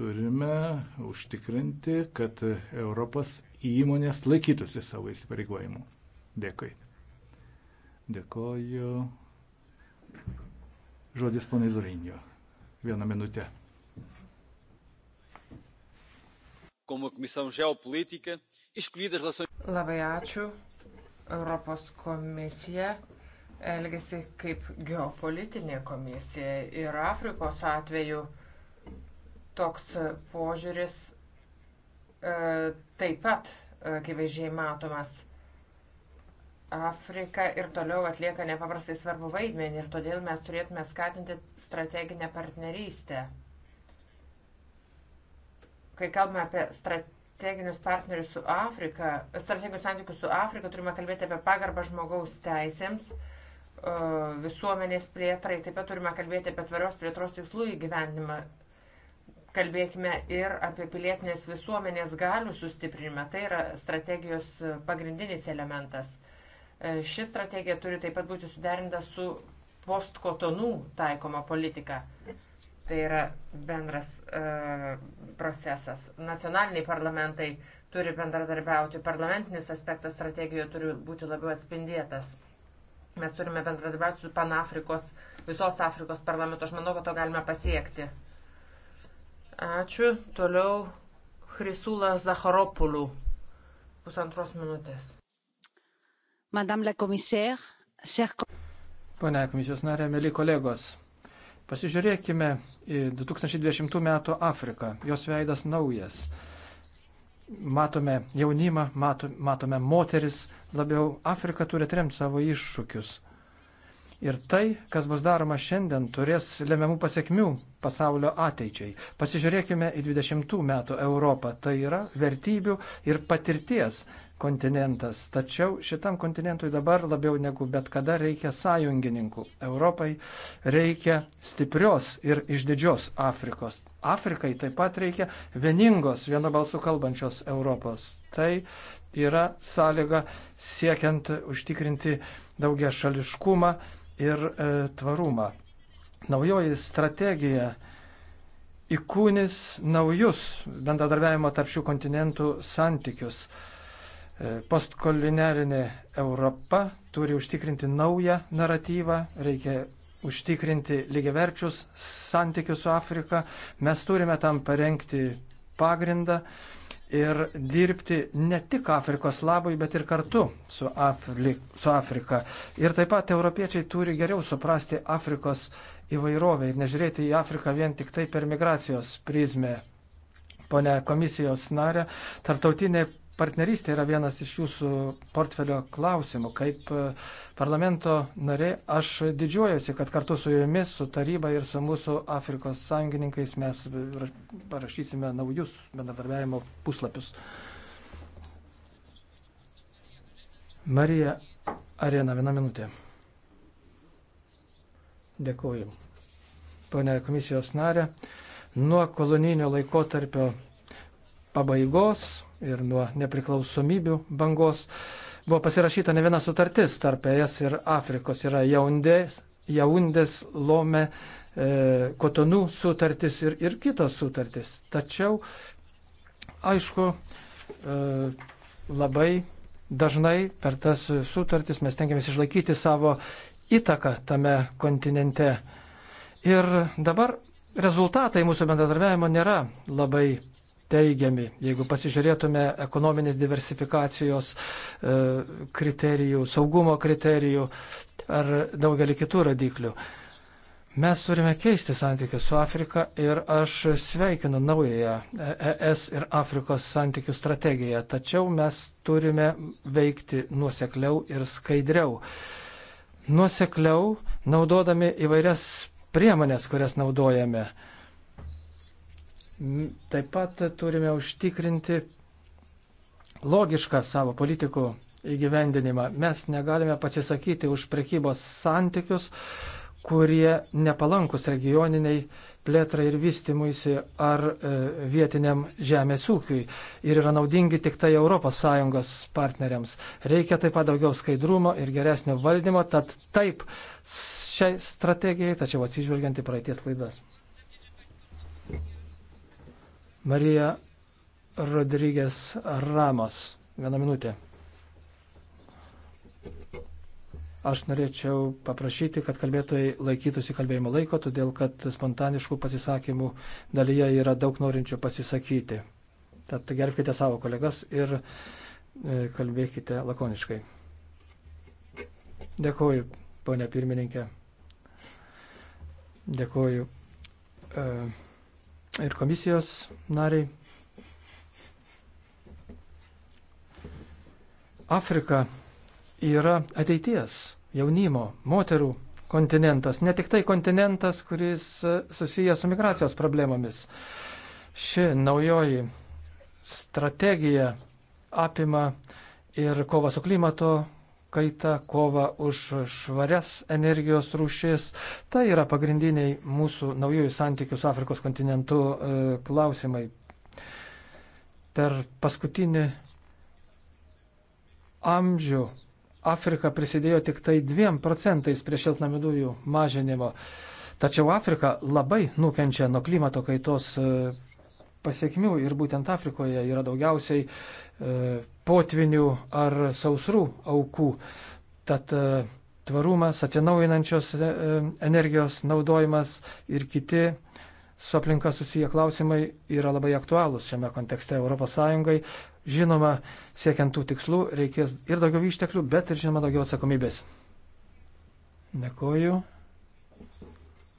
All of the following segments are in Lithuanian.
turime užtikrinti, kad Europos įmonės laikytųsi savo įsipareigojimų. Dėkui. Dėkoju. Žodis ponai Zorinio. Vieną minutę. Labai ačiū. Europos komisija elgesi kaip geopolitinė komisija ir Afrikos atveju Toks e, požiūris e, taip pat akivaizdžiai matomas. Afrika ir toliau atlieka nepaprastai svarbu vaidmenį ir todėl mes turėtume skatinti strateginę partnerystę. Kai kalbame apie strateginius partnerius su Afrika, strateginius santykius su Afrika, turime kalbėti apie pagarbą žmogaus teisėms, e, visuomenės plėtrai, taip pat turime kalbėti apie tvarios plėtros tikslų įgyvendimą kalbėkime ir apie pilietinės visuomenės galių sustiprinimą. Tai yra strategijos pagrindinis elementas. E, ši strategija turi taip pat būti suderinta su postkotonų taikoma politika. Tai yra bendras e, procesas. Nacionaliniai parlamentai turi bendradarbiauti, parlamentinis aspektas strategijoje turi būti labiau atspindėtas. Mes turime bendradarbiauti su Panafrikos, visos Afrikos parlamentu. Aš manau, kad to galime pasiekti. Ačiū. Toliau Chrisula Zacharopulų. Pusantros minutės. Madame la commissaire, ser... Pane komisijos narė, mėly kolegos, pasižiūrėkime į 2020 m. Afriką. Jos veidas naujas. Matome jaunimą, matome moteris, labiau Afrika turi atremti savo iššūkius. Ir tai, kas bus daroma šiandien, turės lemiamų pasiekmių pasaulio ateičiai. Pasižiūrėkime į 20 metų Europą. Tai yra vertybių ir patirties kontinentas. Tačiau šitam kontinentui dabar labiau negu bet kada reikia sąjungininkų. Europai reikia stiprios ir išdidžios Afrikos. Afrikai taip pat reikia vieningos, vieno balsų kalbančios Europos. Tai yra sąlyga siekiant užtikrinti daugia šališkumą ir e, tvarumą. Naujoji strategija įkūnis naujus bendradarbiavimo tarp šių kontinentų santykius. E, postkolonialinė Europa turi užtikrinti naują naratyvą, reikia užtikrinti lygiaverčius santykius su Afrika. Mes turime tam parengti pagrindą ir dirbti ne tik Afrikos labui, bet ir kartu su, Afri, su Afrika. Ir taip pat europiečiai turi geriau suprasti Afrikos įvairovę ir nežiūrėti į Afriką vien tik tai per migracijos prizmę. Pone komisijos narė, tartautinė partnerystė yra vienas iš jūsų portfelio klausimų. Kaip e, parlamento narė, aš didžiuojuosi, kad kartu su jumis, su taryba ir su mūsų Afrikos sąjungininkais mes parašysime naujus bendradarbiavimo puslapius. Marija Arena, viena minutė. Dėkuoju. Pone komisijos narė, nuo kolonijinio laikotarpio pabaigos ir nuo nepriklausomybių bangos buvo pasirašyta ne viena sutartis tarp ES ir Afrikos. Yra Jaundės, Jaundės Lome, e, Kotonų sutartis ir, ir kitos sutartis. Tačiau, aišku, e, labai dažnai per tas sutartis mes tengiamės išlaikyti savo įtaką tame kontinente. Ir dabar rezultatai mūsų bendradarbiavimo nėra labai teigiami. Jeigu pasižiūrėtume ekonominės diversifikacijos e, kriterijų, saugumo kriterijų ar daugelį kitų rodiklių. Mes turime keisti santykius su Afrika ir aš sveikinu naująją ES e ir Afrikos santykių strategiją, tačiau mes turime veikti nuosekliau ir skaidriau. Nuosekliau naudodami įvairias priemonės, kurias naudojame. Taip pat turime užtikrinti logišką savo politikų įgyvendinimą. Mes negalime pasisakyti už prekybos santykius, kurie nepalankus regioniniai plėtrai ir vystimuisi ar e, vietiniam žemės ūkiui ir yra naudingi tik tai ES partneriams. Reikia taip pat daugiau skaidrumo ir geresnio valdymo, tad taip šiai strategijai, tačiau atsižvelgiant į praeities klaidas. Marija Rodrygės Ramos. Vieną minutę. Aš norėčiau paprašyti, kad kalbėtojai laikytųsi kalbėjimo laiko, todėl kad spontaniškų pasisakymų dalyje yra daug norinčių pasisakyti. Tad gerbkite savo kolegas ir e, kalbėkite lakoniškai. Dėkuoju, ponė pirmininkė. Dėkuoju. Uh, e, ir komisijos nariai. Afrika yra ateities jaunimo, moterų kontinentas, ne tik tai kontinentas, kuris e, susijęs su migracijos problemomis. Ši naujoji strategija apima ir kovą su klimato kaitą, kovą už švarias energijos rūšis. Tai yra pagrindiniai mūsų naujųjų santykių su Afrikos kontinentu e, klausimai. Per paskutinį amžių Afrika prisidėjo tik tai 2 procentais prie šiltnamių dujų mažinimo. Tačiau Afrika labai nukenčia nuo klimato kaitos e, pasiekmių ir būtent Afrikoje yra daugiausiai E, potvinių ar sausrų aukų. Tad e, tvarumas, atsinaujinančios e, energijos naudojimas ir kiti su aplinka susiję klausimai yra labai aktualūs šiame kontekste ES. Žinoma, siekiant tų tikslų reikės ir daugiau išteklių, bet ir žinoma daugiau atsakomybės. Dėkoju.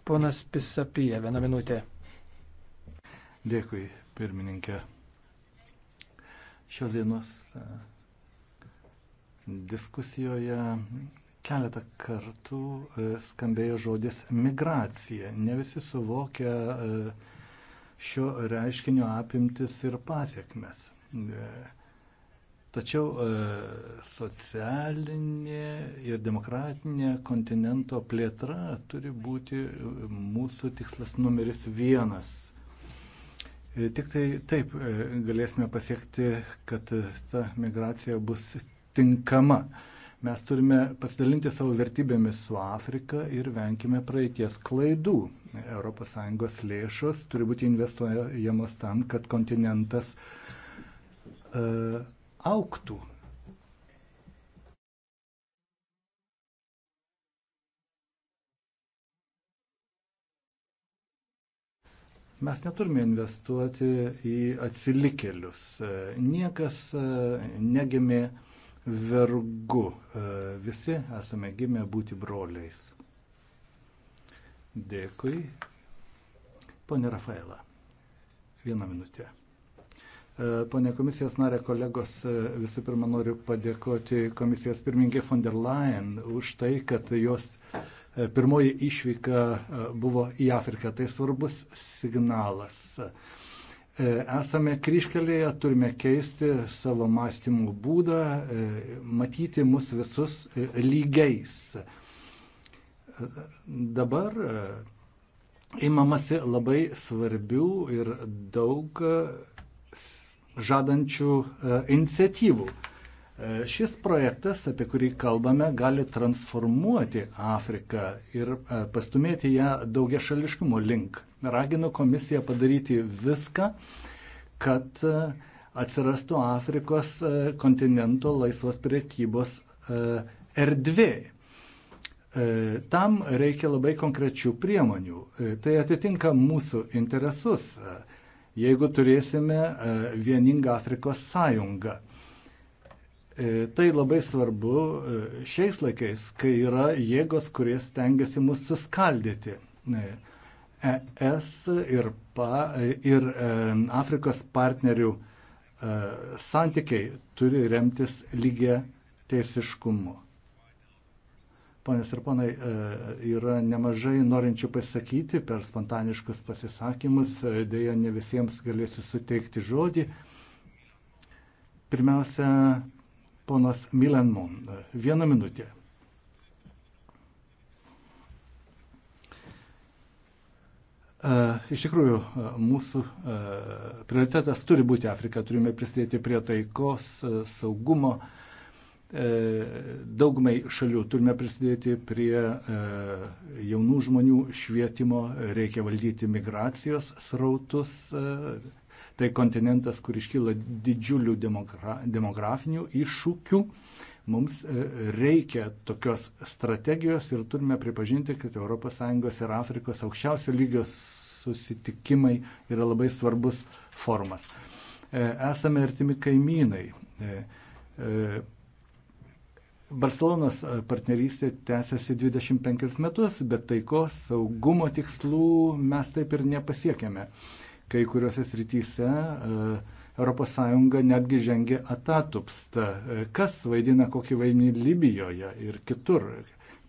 Ponas Pisapija, vieną minutę. Dėkui, pirmininkė šios dienos e, diskusijoje keletą kartų e, skambėjo žodis migracija. Ne visi suvokia e, šio reiškinio apimtis ir pasiekmes. Tačiau socialinė ir demokratinė kontinento plėtra turi būti mūsų tikslas numeris vienas E, tik tai taip e, galėsime pasiekti, kad e, ta migracija bus tinkama. Mes turime pasidalinti savo vertybėmis su Afrika ir venkime praeities klaidų. ES lėšos turi būti investuojamos tam, kad kontinentas uh, auktų Mes neturime investuoti į atsilikėlius. E, niekas e, negimė vergu. E, visi esame gimę būti broliais. Dėkui. Pone Rafaela, vieną minutę. Pone komisijos narė, kolegos, visų pirma noriu padėkoti komisijos pirmininkė von der Leyen už tai, kad jos uh, E, pirmoji išvyka e, buvo į Afriką, tai svarbus signalas. E, esame kryškelėje, turime keisti savo mąstymų būdą, matyti mus visus lygiais. Dabar imamasi labai svarbių ir daug žadančių iniciatyvų. E, šis projektas, apie kurį kalbame, gali transformuoti Afriką ir e, pastumėti ją daugia šališkumo link. Raginu komisiją padaryti viską, kad e, atsirastų Afrikos kontinento laisvos priekybos erdvė. Tam reikia labai konkrečių priemonių. Tai atitinka mūsų interesus, jeigu turėsime vieningą Afrikos sąjungą. E, tai labai svarbu e, šiais laikais, kai yra jėgos, kurie stengiasi mus suskaldyti. ES e ir, pa, ir Afrikos partnerių santykiai turi remtis lygia teisiškumu. Ponės ir ponai, yra nemažai norinčių pasakyti per spontaniškus pasisakymus, dėja ne visiems galėsiu suteikti žodį. Pirmiausia, Ponas Milenmon, vieną minutę. E, iš tikrųjų, e, mūsų e, prioritetas turi būti Afrika, turime prisidėti prie taikos, saugumo. Daugumai šalių turime prisidėti prie jaunų žmonių švietimo, reikia valdyti migracijos srautus, Tai kontinentas, kur iškyla didžiulių demogra demografinių iššūkių. Mums e, reikia tokios strategijos ir turime pripažinti, kad ES ir Afrikos aukščiausio lygio susitikimai yra labai svarbus formas. E, esame artimi kaimynai. E, Barcelonos partnerystė tęsiasi 25 metus, bet taikos saugumo tikslų mes taip ir nepasiekėme kai kuriuose srityse ES netgi žengia atatupsta. E, kas vaidina kokį vaidmenį Libijoje ir kitur?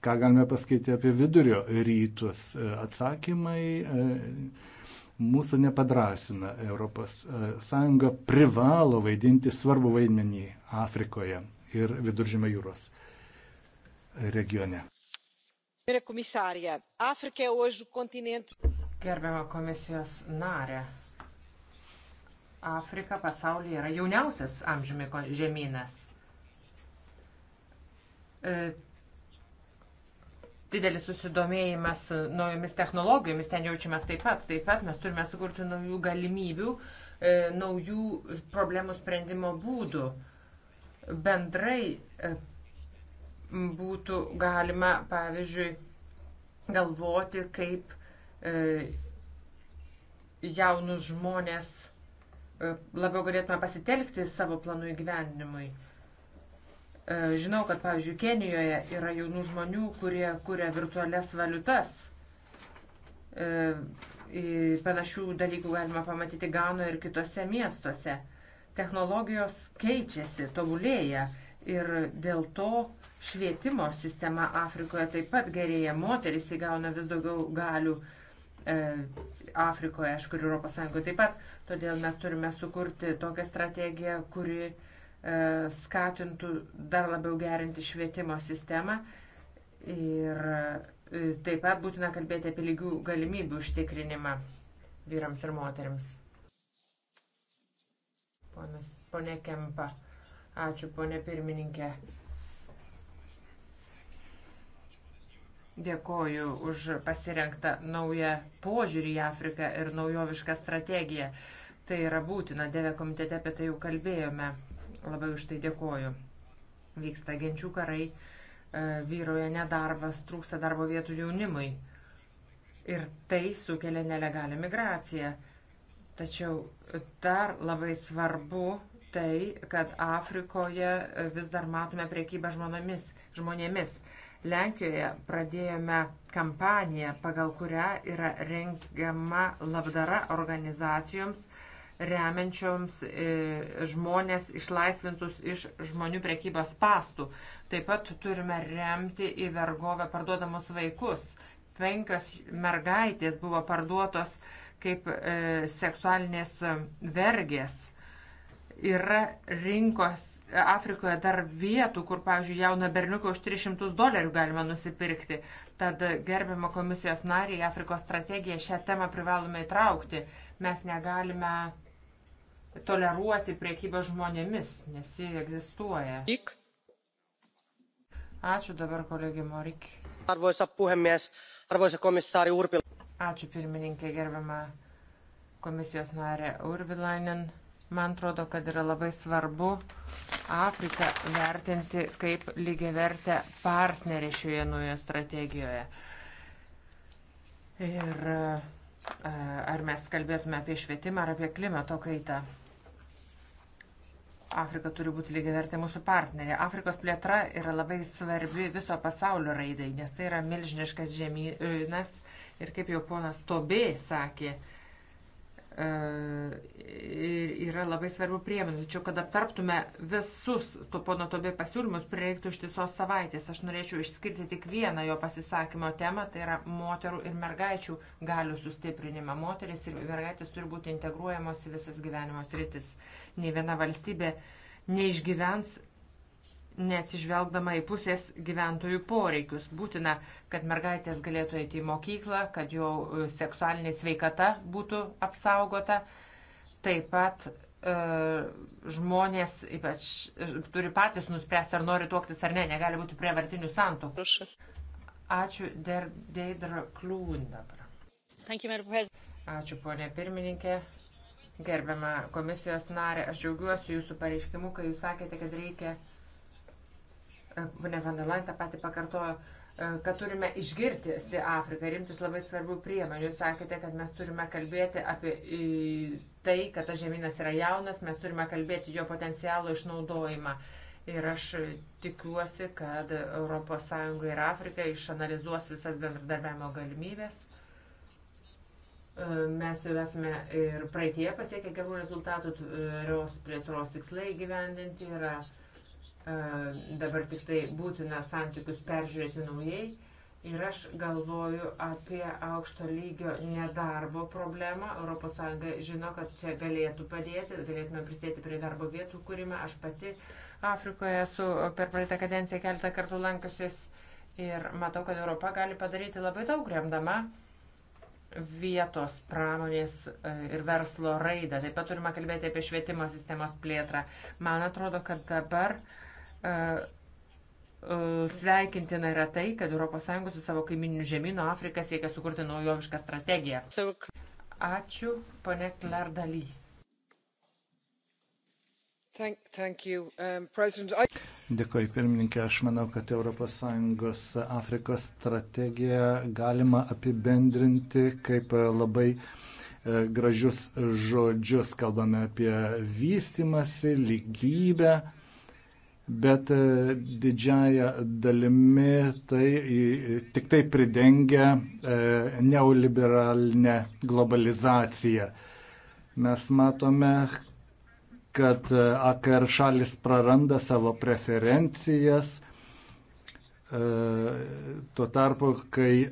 Ką galime pasakyti apie vidurio rytus? E, atsakymai e, mūsų nepadrasina. ES privalo vaidinti svarbu vaidmenį Afrikoje ir viduržymio jūros regione. Komisarė, Afrika yra hoje o kontinente. Gerbiama komisijos narė. Afrika pasaulyje yra jauniausias amžiumi žemynas. E, didelis susidomėjimas naujomis technologijomis ten jaučiamas taip pat. Taip pat mes turime sukurti naujų galimybių, e, naujų problemų sprendimo būdų. Bendrai e, būtų galima, pavyzdžiui, galvoti, kaip E, jaunus žmonės e, labiau galėtume pasitelkti savo planų įgyvendinimui. E, žinau, kad, pavyzdžiui, Kenijoje yra jaunų žmonių, kurie kuria virtualias valiutas. Panašių dalykų galima pamatyti Gano ir kitose miestuose. Technologijos keičiasi, tobulėja ir dėl to švietimo sistema Afrikoje taip pat gerėja. Moteris įgauna vis daugiau galių E, Afrikoje, aišku, ir ES taip pat. Todėl mes turime sukurti tokią strategiją, kuri e, skatintų dar labiau gerinti švietimo sistemą ir e, taip pat būtina kalbėti apie lygių galimybių užtikrinimą vyrams ir moteriams. Ponas, ponė Kempa, ačiū ponė pirmininkė. Dėkoju už pasirenktą naują požiūrį į Afriką ir naujovišką strategiją. Tai yra būtina, Dėvė komitete apie tai jau kalbėjome. Labai už tai dėkoju. Vyksta genčių karai, e, vyroja nedarbas, trūksta darbo vietų jaunimui. Ir tai sukelia nelegalią migraciją. Tačiau dar labai svarbu tai, kad Afrikoje vis dar matome priekybę žmonėmis. žmonėmis Lenkijoje pradėjome kampaniją, pagal kurią yra rengiama labdara organizacijoms, remiančioms e, žmonės išlaisvintus iš žmonių prekybos pastų. Taip pat turime remti į vergovę parduodamus vaikus. Penkios mergaitės buvo parduotos kaip e, seksualinės vergės yra rinkos e, Afrikoje dar vietų, kur, pavyzdžiui, jauną berniuką už 300 dolerių galima nusipirkti. Tad gerbiamo komisijos nariai Afrikos strategiją šią temą privalome įtraukti. Mes negalime toleruoti priekybą žmonėmis, nes ji egzistuoja. Ik. Ačiū dabar kolegė Morik. Arvoisa puhemies, arvoisa komissaari Urpil. Ačiū pirmininkė gerbiama komisijos narė Urvilainen. Man atrodo, kad yra labai svarbu Afriką vertinti kaip lygiavertę partnerį šioje naujoje strategijoje. Ir e, ar mes kalbėtume apie švietimą ar apie klimato kaitą. Afrika turi būti lygiavertė mūsų partnerė. Afrikos plėtra yra labai svarbi viso pasaulio raidai, nes tai yra milžiniškas žemynas. Ir kaip jau ponas Tobė sakė, E, yra labai svarbių priemonių. Tačiau, kad aptarptume visus to pono Tobė pasiūlymus, prireiktų ištisos savaitės. Aš norėčiau išskirti tik vieną jo pasisakymo temą, tai yra moterų ir mergaičių galių sustiprinimą. Moteris ir mergaitės turi būti integruojamos į visas gyvenimo sritis. Nei viena valstybė neišgyvens neatsižvelgdama į pusės gyventojų poreikius. Būtina, kad mergaitės galėtų eiti į mokyklą, kad jų e, seksualinė sveikata būtų apsaugota. Taip pat e, žmonės ypač e, turi patys nuspręsti, ar nori tuoktis ar ne, negali būti prievartinių santokų. Ačiū der, Deidra Kliūn dabar. Ačiū, ponė pirmininkė. Gerbiama komisijos narė, aš džiaugiuosi jūsų pareiškimu, kai jūs sakėte, kad reikia E, Pane Vandalain tą patį pakartojo, e, kad turime išgirti Afriką, rimtis labai svarbių priemonių. Jūs sakėte, kad mes turime kalbėti apie tai, kad tas žemynas yra jaunas, mes turime kalbėti jo potencialo išnaudojimą. Ir aš tikiuosi, kad ES ir Afrika išanalizuos visas bendradarbiavimo galimybės. E, mes jau esame ir praeitie pasiekę gerų rezultatų, tvarios plėtros tikslai gyvendinti yra. Ir dabar tik tai būtina santykius peržiūrėti naujai. Ir aš galvoju apie aukšto lygio nedarbo problemą. ES žino, kad čia galėtų padėti, galėtume prisėti prie darbo vietų kūrimą. Aš pati Afrikoje esu per praeitą kadenciją keltą kartų lankusis ir matau, kad Europa gali padaryti labai daug remdama vietos pramonės e, ir verslo raidą. Taip pat turime kalbėti apie švietimo sistemos plėtrą. Man atrodo, kad dabar uh, E, e, sveikintina yra tai, kad ES su savo kaiminiu žemynu Afrika siekia sukurti naujovišką strategiją. Ačiū, ponė Klerdaly. Um, Dėkoju, pirmininkė. Aš manau, kad ES Afrikos strategiją galima apibendrinti kaip labai e, gražius žodžius. Kalbame apie vystimąsi, lygybę bet e, didžiaja dalimi tai tik tai pridengia e, neoliberalinę globalizaciją. Mes matome, kad e, AKR šalis praranda savo preferencijas, tuo tarpu, kai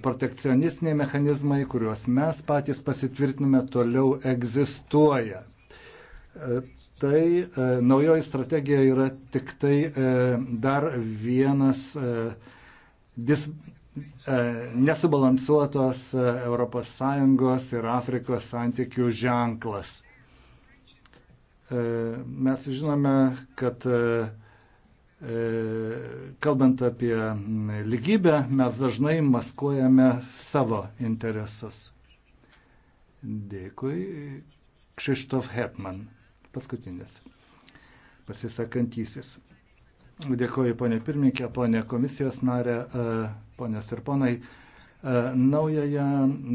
protekcionistiniai mechanizmai, kuriuos mes patys pasitvirtiname, toliau egzistuoja tai e, naujoji strategija yra tik tai e, dar vienas e, dis, e, nesubalansuotos ES ir Afrikos santykių ženklas. E, mes žinome, kad e, e, kalbant apie lygybę, mes dažnai maskuojame savo interesus. Dėkui. Krzysztof Hetman paskutinis pasisakantysis. Dėkuoju, ponė pirmininkė, ponė komisijos narė, e, ponės ir ponai. E, naująją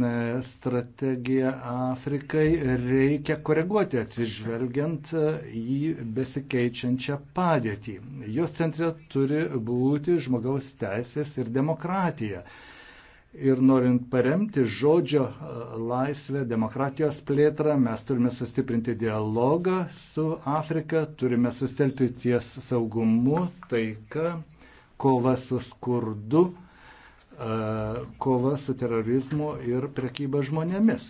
e, strategiją Afrikai reikia koreguoti atsižvelgiant į besikeičiančią padėtį. Jos centre turi būti žmogaus teisės ir demokratija. Ir norint paremti žodžio laisvę, demokratijos plėtrą, mes turime sustiprinti dialogą su Afrika, turime sustelti ties saugumu, taika, kova su skurdu, kova su terorizmu ir prekyba žmonėmis.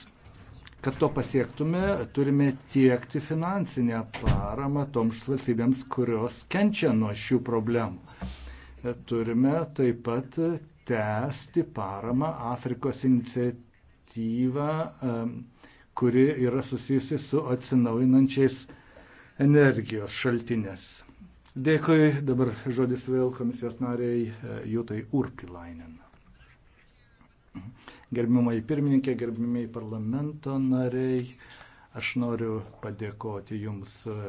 Kad to pasiektume, turime tiekti finansinę paramą toms valstybėms, kurios kenčia nuo šių problemų. Turime taip pat tęsti paramą Afrikos iniciatyvą, kuri yra susijusi su atsinaujinančiais energijos šaltinės. Dėkui, dabar žodis vėl komisijos nariai e, Jūtai Urpilainen. Gerbimai pirmininkė, gerbimiai parlamento nariai, aš noriu padėkoti Jums e,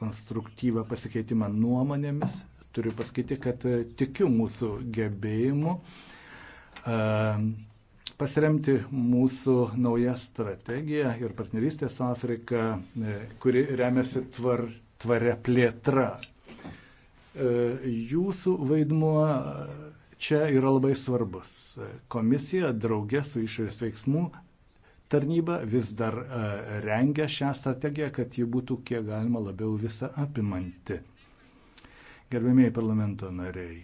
konstruktyvą pasikeitimą nuomonėmis turiu pasakyti, kad e, tikiu mūsų gebėjimu e, pasiremti mūsų naują strategiją ir partnerystę su Afrika, e, kuri remiasi tvar, tvaria plėtra. Jūsų vaidmuo čia yra labai svarbus. Komisija draugė su išorės veiksmų tarnyba vis dar rengia šią strategiją, kad ji būtų kiek galima labiau visą apimanti. Gerbėmiai parlamento nariai,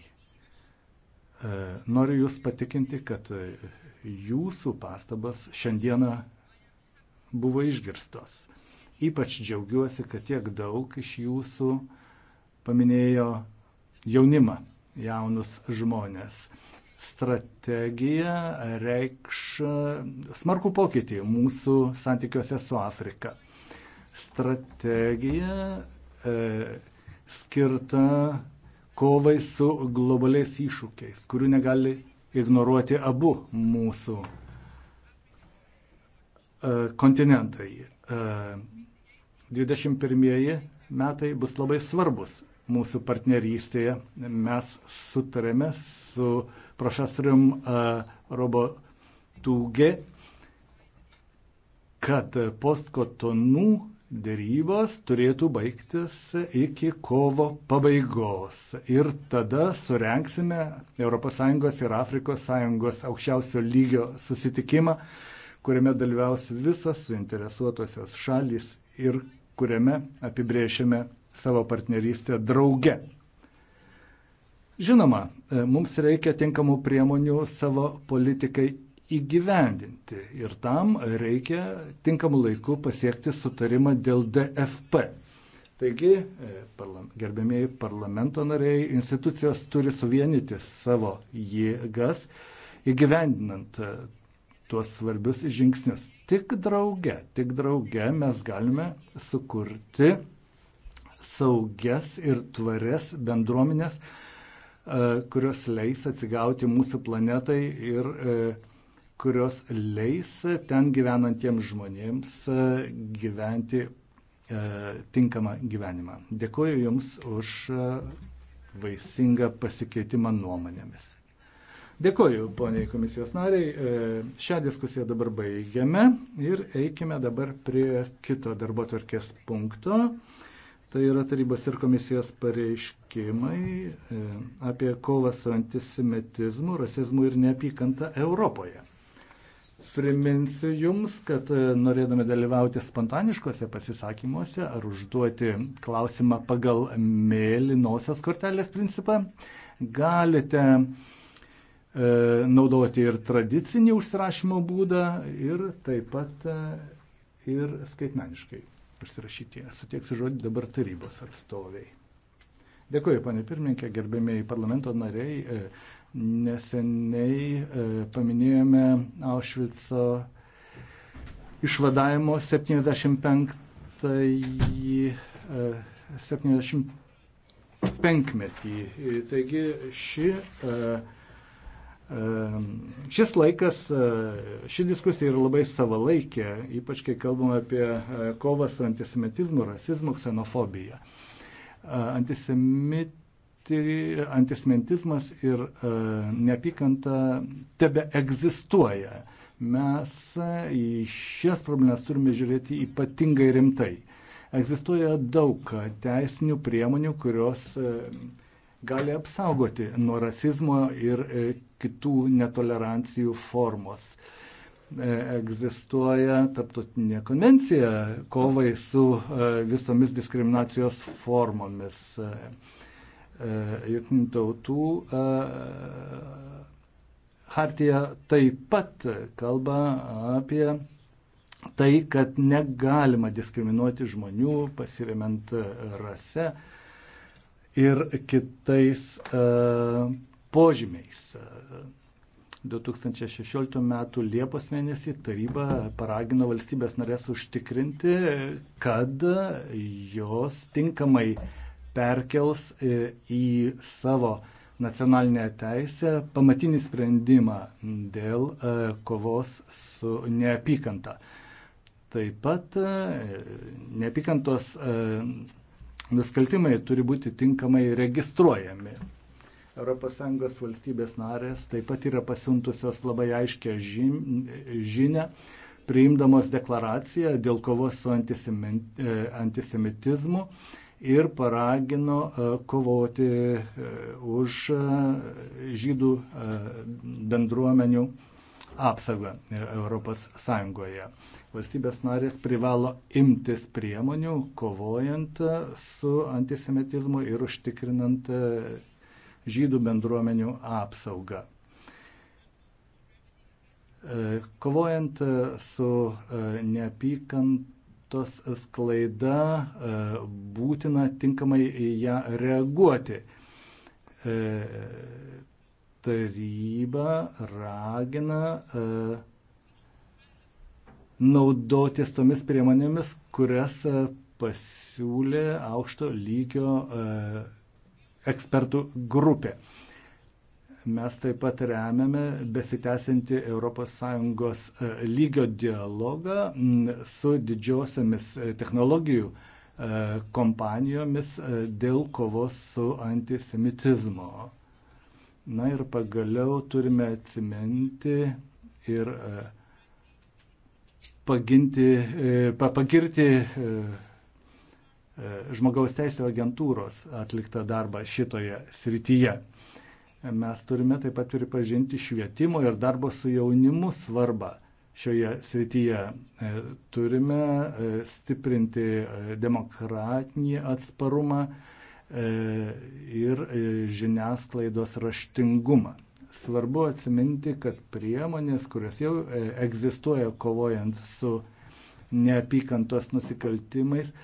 e, noriu Jūs patikinti, kad Jūsų pastabas šiandieną buvo išgirstos. Ypač džiaugiuosi, kad tiek daug iš Jūsų paminėjo jaunimą, jaunus žmonės strategija reikš smarkų pokytį mūsų santykiuose su Afrika. Strategija e, skirta kovai su globaliais iššūkiais, kurių negali ignoruoti abu mūsų e, kontinentai. 21 e, metai bus labai svarbus mūsų partnerystėje. Mes sutarėme su profesorium e, Robo Tūge, kad postkotonų dėrybos turėtų baigtis iki kovo pabaigos. Ir tada surenksime ES ir Afrikos Sąjungos aukščiausio lygio susitikimą, kuriame dalyvaus visas suinteresuotosios šalis ir kuriame apibrėšime savo partnerystę drauge. Žinoma, mums reikia tinkamų priemonių savo politikai įgyvendinti. Ir tam reikia tinkamu laiku pasiekti sutarimą dėl DFP. Taigi, e, gerbėmėjai parlamento nariai, institucijos turi suvienyti savo jėgas įgyvendinant e, tuos svarbius žingsnius. Tik drauge, tik drauge mes galime sukurti saugias ir tvarias bendruomenės, e, kurios leis atsigauti mūsų planetai ir kurios leis ten gyvenantiems žmonėms e, gyventi e, tinkamą gyvenimą. Dėkuoju Jums už e, vaisingą pasikeitimą nuomonėmis. Dėkuoju, poniai komisijos nariai. Šią diskusiją dabar baigiame ir eikime dabar prie kito darbo tvarkės punkto. Tai yra tarybos ir komisijos pareiškimai apie kovą su antisemitizmu, rasizmu ir neapykanta Europoje. Priminsiu Jums, kad e, norėdami dalyvauti spontaniškose pasisakymuose ar užduoti klausimą pagal mėlynosios kortelės principą, galite e, naudoti ir tradicinį užsirašymo būdą ir taip pat e, ir skaitmeniškai užsirašyti. Suteiksiu žodį dabar tarybos atstoviai. Dėkuoju, panė pirmininkė, gerbėmiai parlamento nariai. E, Neseniai e, paminėjome Aušvico išvadavimo 75-ąjį 75-metį. E, e, taigi ši, šis laikas, ši diskusija yra labai savalaikė, ypač kai kalbame apie kovą su antisemitizmu, rasizmu, ksenofobiją. Antisemit anti, antismentizmas ir e, neapykanta tebe egzistuoja. Mes į šias problemas turime žiūrėti ypatingai rimtai. Egzistuoja daug teisinių priemonių, kurios e, gali apsaugoti nuo rasizmo ir e, kitų netolerancijų formos. E, egzistuoja tarptautinė konvencija kovai su e, visomis diskriminacijos formomis. E, E, jungtinių tautų e, hartija taip pat kalba apie tai, kad negalima diskriminuoti žmonių pasiremiant rase ir kitais e, požymiais. 2016 m. Liepos mėnesį taryba paragino valstybės narės užtikrinti, kad jos tinkamai uh, perkels e, į savo nacionalinę teisę pamatinį sprendimą dėl e, kovos su neapykanta. Taip pat e, neapykantos nusikaltimai turi būti tinkamai registruojami. ES valstybės narės taip pat yra pasiuntusios labai aiškę žinę, priimdamos deklaraciją dėl kovos su antisemitizmu ir paragino e, kovoti e, už e, žydų bendruomenių apsaugą Europos Sąjungoje. Valstybės narės privalo imtis priemonių, kovojant su antisemitizmu ir užtikrinant žydų bendruomenių apsaugą. Kovojant su neapykant tos sklaida e, būtina tinkamai į ją reaguoti. E, taryba ragina e, naudotis tomis priemonėmis, kurias pasiūlė aukšto lygio ekspertų grupė. Mes taip pat remiame besitęsinti ES e, lygio dialogą su didžiosiamis e, technologijų e, kompanijomis dėl kovos su antisemitizmu. Na ir pagaliau turime atsiminti ir paginti, papagirti žmogaus teisų agentūros atliktą darbą šitoje srityje mes turime taip pat pripažinti švietimo ir darbo su jaunimu svarbą šioje srityje. E, turime e, stiprinti e, demokratinį atsparumą ir žiniasklaidos raštingumą. Svarbu atsiminti, kad priemonės, kurios jau egzistuoja kovojant su neapykantos nusikaltimais,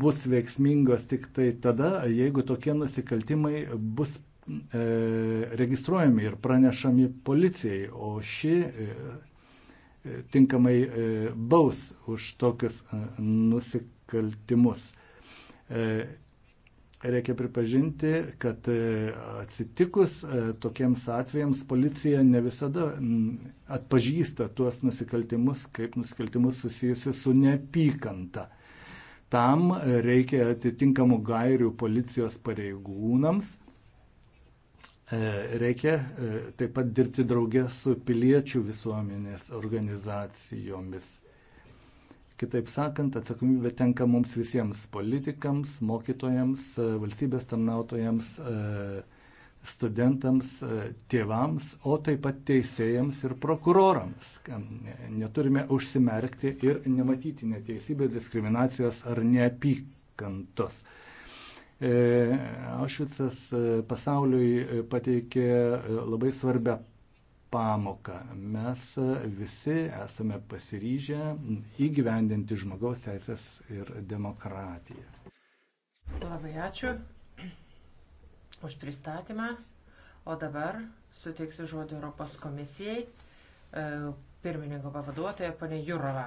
bus veiksmingos tik tai tada, jeigu tokie nusikaltimai bus E, registruojami ir pranešami policijai, o ši e, e, tinkamai baus už tokius nusikaltimus reikia pripažinti, kad atsitikus tokiems atvejams policija ne visada atpažįsta tuos nusikaltimus kaip nusikaltimus susijusius su neapykanta. Tam reikia atitinkamų gairių policijos pareigūnams E, reikia e, taip pat dirbti draugę su piliečių visuomenės organizacijomis. Kitaip sakant, atsakomybė tenka mums visiems politikams, mokytojams, e, valstybės tarnautojams, studentams, tėvams, o taip pat teisėjams ir prokurorams. Neturime užsimerkti ir nematyti neteisybės, diskriminacijos ar neapykantos. E, Aušvicas e, pasauliui e, pateikė labai svarbę pamoką. Mes visi esame pasiryžę įgyvendinti žmogaus teisės ir demokratiją. Labai ačiū už pristatymą. O dabar suteiksiu žodį Europos komisijai pirmininko pavaduotoja, ponė Jurova.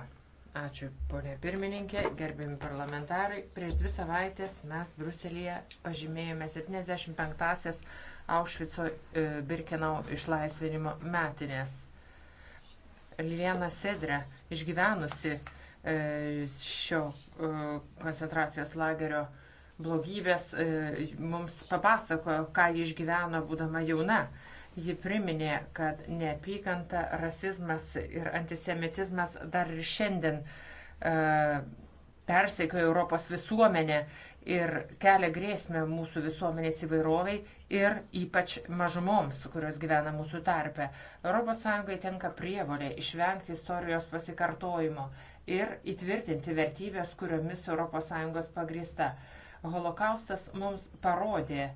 Ačiū, ponė pirmininkė, gerbiami parlamentarai. Prieš dvi savaitės mes Bruselėje pažymėjome 75-asias Aušvico e, Birkenau išlaisvinimo metinės. Liliana Sedre, išgyvenusi e, šio e, koncentracijos lagerio blogybės, mums papasakojo, ką ji išgyveno būdama jauna. Ji priminė, kad neapykanta, rasizmas ir antisemitizmas dar ir šiandien e, persekioja Europos visuomenę ir kelia grėsmę mūsų visuomenės įvairoviai ir ypač mažumoms, kurios gyvena mūsų tarpe. ES tenka prievolė išvengti istorijos pasikartojimo ir įtvirtinti vertybės, kuriomis ES pagrįsta. Holokaustas mums parodė,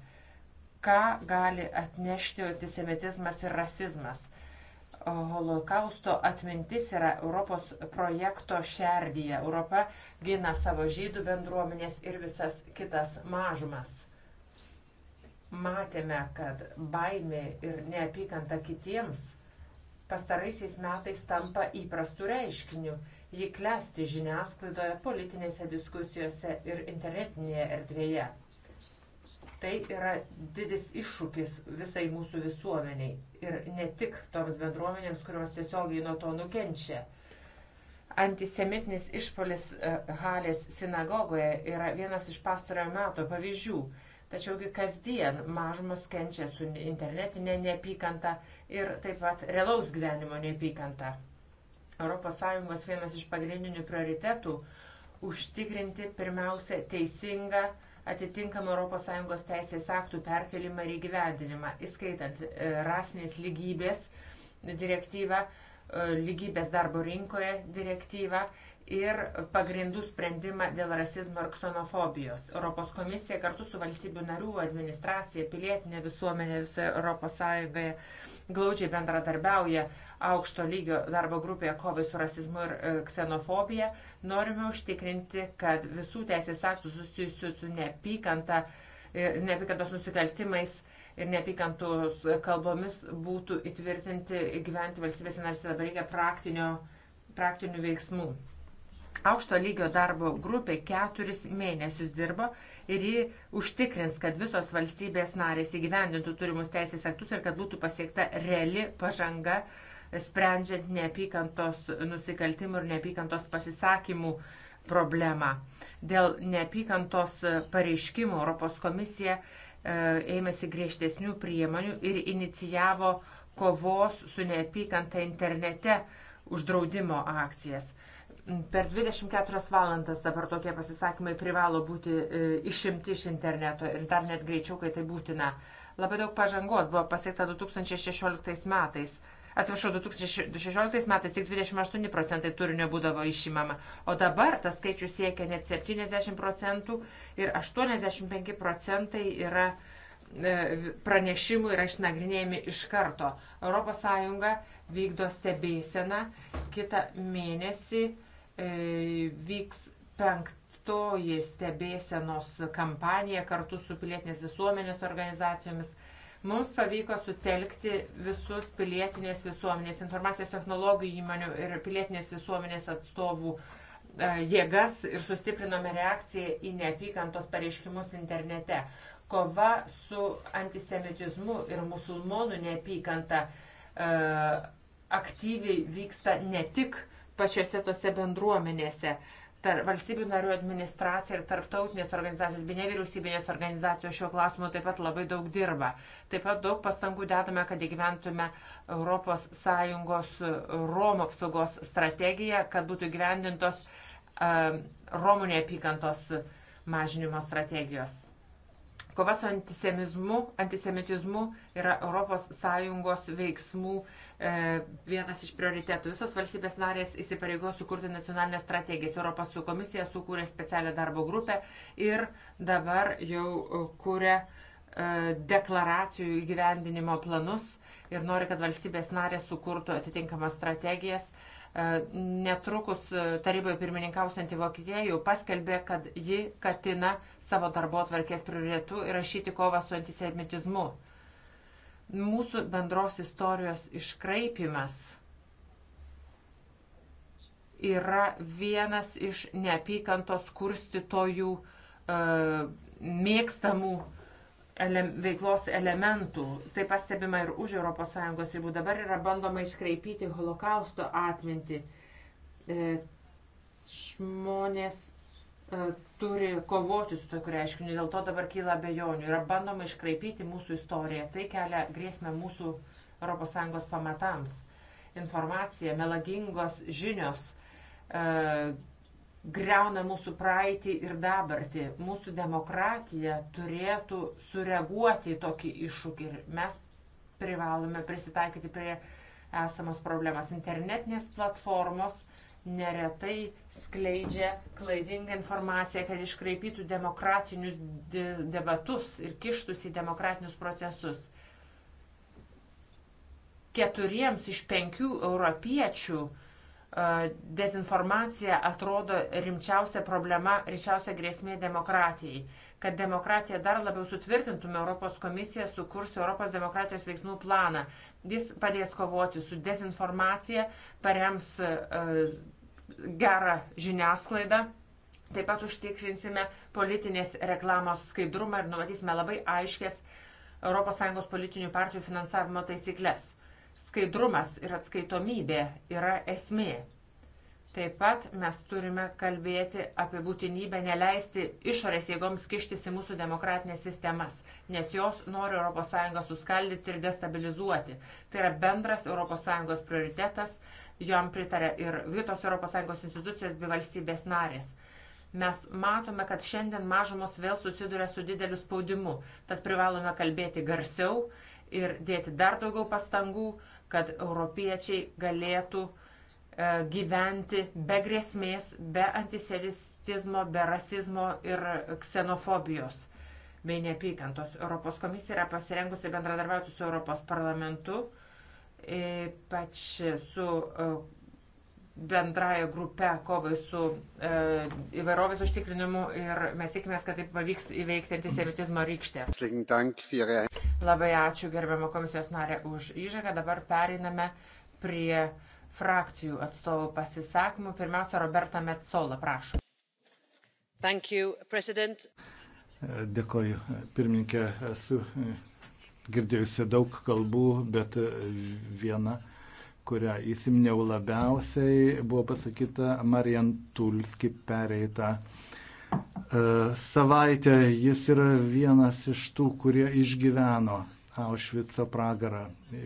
ką gali atnešti antisemitizmas ir rasizmas. Holokausto atmintis yra Europos projekto šerdyje. Europa gina savo žydų bendruomenės ir visas kitas mažumas. Matėme, kad baimė ir neapykanta kitiems pastaraisiais metais tampa įprastų reiškinių. Ji klesti žiniasklaidoje, politinėse diskusijose ir internetinėje erdvėje. Tai yra didis iššūkis visai mūsų visuomeniai ir ne tik toms bendruomenėms, kurios tiesiogiai nuo to nukenčia. Antisemitinis išpolis e, Halės sinagogoje yra vienas iš pastarojo meto pavyzdžių. Tačiaugi kasdien mažumos kenčia su internetinė neapykanta ir taip pat realaus gyvenimo neapykanta. ES vienas iš pagrindinių prioritetų - užtikrinti pirmiausia teisingą atitinkamą ES teisės aktų perkelimą ir įgyvendinimą, įskaitant e, rasinės lygybės direktyvą, e, lygybės darbo rinkoje direktyvą ir pagrindų sprendimą dėl rasizmo ir ksenofobijos. Europos komisija kartu su valstybių narių administracija, pilietinė visuomenė visoje Europos Sąjungoje glaudžiai bendradarbiauja aukšto lygio darbo grupėje kovai su rasizmu ir e, ksenofobija. Norime užtikrinti, kad visų teisės aktų susijusių su neapykanta ir e, neapykantos nusikaltimais ir neapykantos kalbomis būtų įtvirtinti gyventi valstybės narėse. Dabar reikia praktinio, praktinių veiksmų aukšto lygio darbo grupė keturis mėnesius dirbo ir ji užtikrins, kad visos valstybės narės įgyvendintų turimus teisės aktus ir kad būtų pasiekta reali pažanga, sprendžiant neapykantos nusikaltimų ir neapykantos pasisakymų problemą. Dėl neapykantos pareiškimų Europos komisija e, ėmėsi griežtesnių priemonių ir inicijavo kovos su neapykanta internete uždraudimo akcijas. Per 24 valandas dabar tokie pasisakymai privalo būti e, išimti iš interneto ir dar net greičiau, kai tai būtina. Labai daug pažangos buvo pasiekta 2016 metais. Atsiprašau, 2016 metais tik 28 procentai turinio būdavo išimama, o dabar tas skaičius siekia net 70 procentų ir 85 procentai yra e, pranešimų yra išnagrinėjami iš karto. ES vykdo stebėseną kitą mėnesį E, vyks penktoji stebėsenos kampanija kartu su pilietinės visuomenės organizacijomis mums pavyko sutelkti visus pilietinės visuomenės, informacijos technologijų įmonių ir pilietinės visuomenės atstovų e, jėgas ir sustiprinome reakciją į neapykantos pareiškimus internete. Kova su antisemitizmu ir musulmonų neapykanta e, aktyviai vyksta ne tik uh, pačiose tose bendruomenėse. Tarp valstybių narių administracija ir tarptautinės organizacijos, bei nevyriausybinės organizacijos šiuo klausimu taip pat labai daug dirba. Taip pat daug pastangų dedame, kad įgyventume ES e, Romų apsaugos strategiją, kad būtų gyvendintos uh, e, Romų neapykantos mažinimo strategijos. Kova su antisemizmu, antisemitizmu yra ES veiksmų e, vienas iš prioritetų. Visos valstybės narės įsipareigo sukurti nacionalinės strategijas. Europos su komisija sukūrė specialią darbo grupę ir dabar jau kūrė e, E, deklaracijų įgyvendinimo planus ir nori, kad valstybės narės sukurtų atitinkamas strategijas. E, netrukus e, taryboje pirmininkausianti Vokietija jau paskelbė, kad ji katina savo darbo atvarkės prioritetų įrašyti kovą su antisemitizmu. Mūsų bendros istorijos iškraipimas yra vienas iš neapykantos kurstytojų mėgstamų uh, ele veiklos elementų. Tai pastebima ir už ES ribų. Dabar yra bandoma iškreipyti holokausto atmintį. E, žmonės e, turi kovoti su tokiu reiškiniu, dėl to dabar kyla bejonių. Yra bandoma iškreipyti mūsų istoriją. Tai kelia grėsmę mūsų ES pamatams. Informacija, melagingos žinios. E, greuna mūsų praeitį ir dabartį. Mūsų demokratija turėtų sureaguoti į tokį iššūkį ir mes privalome prisitaikyti prie esamos problemos. Internetinės platformos neretai skleidžia klaidingą informaciją, kad iškreipytų demokratinius debatus ir kištųsi į demokratinius procesus. Keturiems iš penkių europiečių uh, dezinformacija atrodo rimčiausia problema, rimčiausia grėsmė demokratijai. Kad demokratiją dar labiau sutvirtintume, Europos komisija sukurs Europos demokratijos veiksmų planą. Jis padės kovoti su dezinformacija, parems uh, gerą žiniasklaidą. Taip pat užtikrinsime politinės reklamos skaidrumą ir numatysime labai aiškės ES politinių partijų finansavimo taisyklės skaidrumas ir atskaitomybė yra esmė. Taip pat mes turime kalbėti apie būtinybę neleisti išorės jėgoms kištis į mūsų demokratinės sistemas, nes jos nori ES suskaldyti ir destabilizuoti. Tai yra bendras ES prioritetas, jom pritarė ir vietos ES institucijos bei valstybės narės mes matome, kad šiandien mažumos vėl susiduria su dideliu spaudimu. Tad privalome kalbėti garsiau ir dėti dar daugiau pastangų, kad europiečiai galėtų e, gyventi be grėsmės, be antisemitizmo, be rasizmo ir ksenofobijos bei neapykantos. Europos komisija yra pasirengusi bendradarbiauti su Europos parlamentu, e, ypač su e, bendraja grupe kovai su e, įvairovės užtikrinimu ir mes tikimės, kad taip pavyks įveikti antisemitizmo rykštę. Labai ačiū gerbiamo komisijos narė už įžangą. Dabar pereiname prie frakcijų atstovų pasisakymų. Pirmiausia, Roberta Metzola, prašau. Thank you, President. Dėkoju, pirmininkė, esu girdėjusi daug kalbų, bet viena, kurią įsiminiau labiausiai, buvo pasakyta Marijan Tulski pereitą uh, E, savaitę. Jis yra vienas iš tų, kurie išgyveno Aušvico pragarą.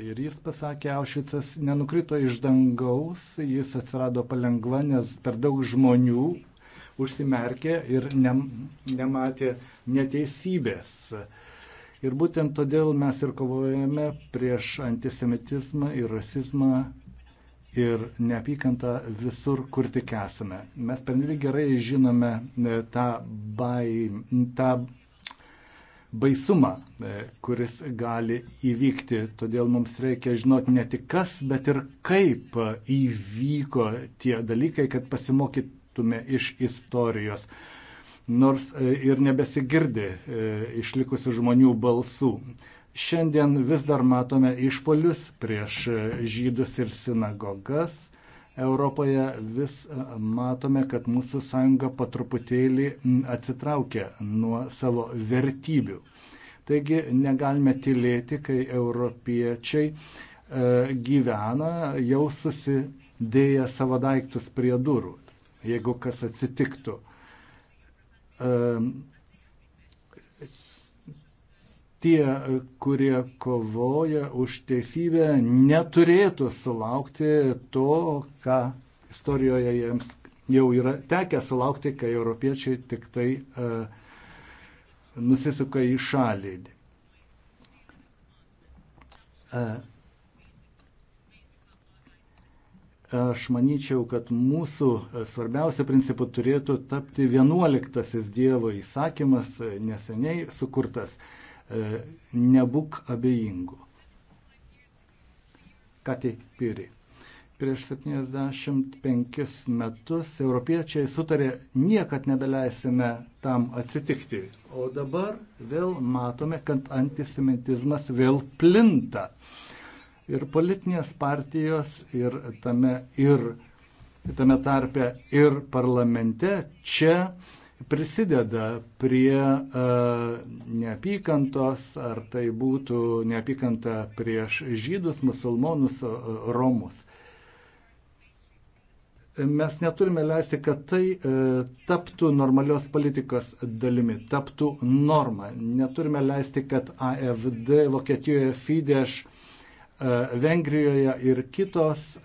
Ir jis pasakė, Aušvicas nenukrito iš dangaus, jis atsirado palengva, nes per daug žmonių užsimerkė ir ne, nematė neteisybės. Ir būtent todėl mes ir kovojame prieš antisemitizmą ir rasizmą ir neapykantą visur, kur tik esame. Mes pernelyg gerai žinome e, tą, bai, tą baisumą, e, kuris gali įvykti. Todėl mums reikia žinoti ne tik kas, bet ir kaip įvyko tie dalykai, kad pasimokytume iš istorijos. Nors e, ir nebesigirdi išlikusių žmonių balsų. Šiandien vis dar matome išpolius prieš žydus ir sinagogas. Europoje vis e, matome, kad mūsų sąjunga patruputėlį atsitraukia nuo savo vertybių. Taigi negalime tylėti, kai europiečiai e, gyvena jau susidėję savo daiktus prie durų, jeigu kas atsitiktų. E, tie, kurie kovoja už teisybę, neturėtų sulaukti to, ką istorijoje jiems jau yra tekę sulaukti, kai europiečiai tik tai uh, nusisuka į šalį. Uh, aš manyčiau, kad mūsų svarbiausia principu turėtų tapti vienuoliktasis Dievo įsakymas, neseniai sukurtas. Uh, E, nebūk abejingų. Ką tik pyri prieš 75 metus europiečiai sutarė, niekad nebeleisime tam atsitikti. O dabar vėl matome, kad antisemitizmas vėl plinta. Ir politinės partijos, ir tame, ir, tame tarpe, ir parlamente čia uh, prisideda prie e, neapykantos, ar tai būtų neapykanta prieš žydus, musulmonus, e, romus mes neturime leisti, kad tai e, taptų normalios politikos dalimi, taptų norma. Neturime leisti, kad AFD, Vokietijoje Fidesz E, Vengrijoje ir kitos e,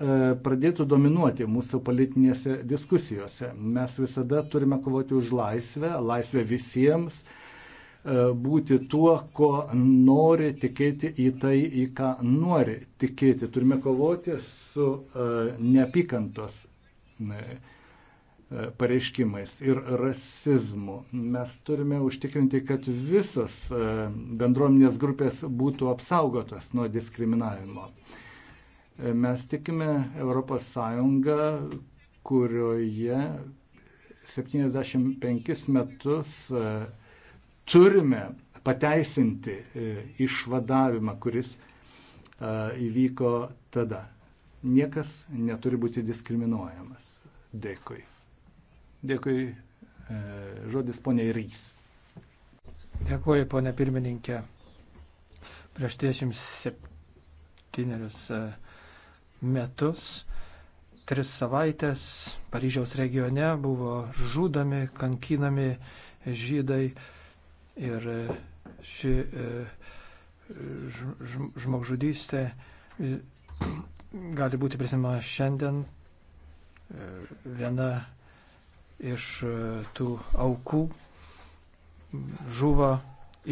pradėtų dominuoti mūsų politinėse diskusijose. Mes visada turime kovoti už laisvę, laisvę visiems, e, būti tuo, ko nori, tikėti į tai, į ką nori tikėti. Turime kovoti su neapykantos E, pareiškimais ir rasizmu. Mes turime užtikrinti, kad visos e, bendruomenės grupės būtų apsaugotos nuo diskriminavimo. E, mes tikime ES, kurioje 75 metus turime pateisinti išvadavimą, kuris įvyko tada. Niekas neturi būti diskriminuojamas. Dėkui. Dėkui. E, žodis ponė Rys. Dėkuoju, ponė pirmininkė. Prieš 37 e, metus, tris savaitės Paryžiaus regione buvo žudomi, kankinami žydai ir e, ši žmogžudystė gali būti prisimama šiandien viena iš e, tų aukų žuvo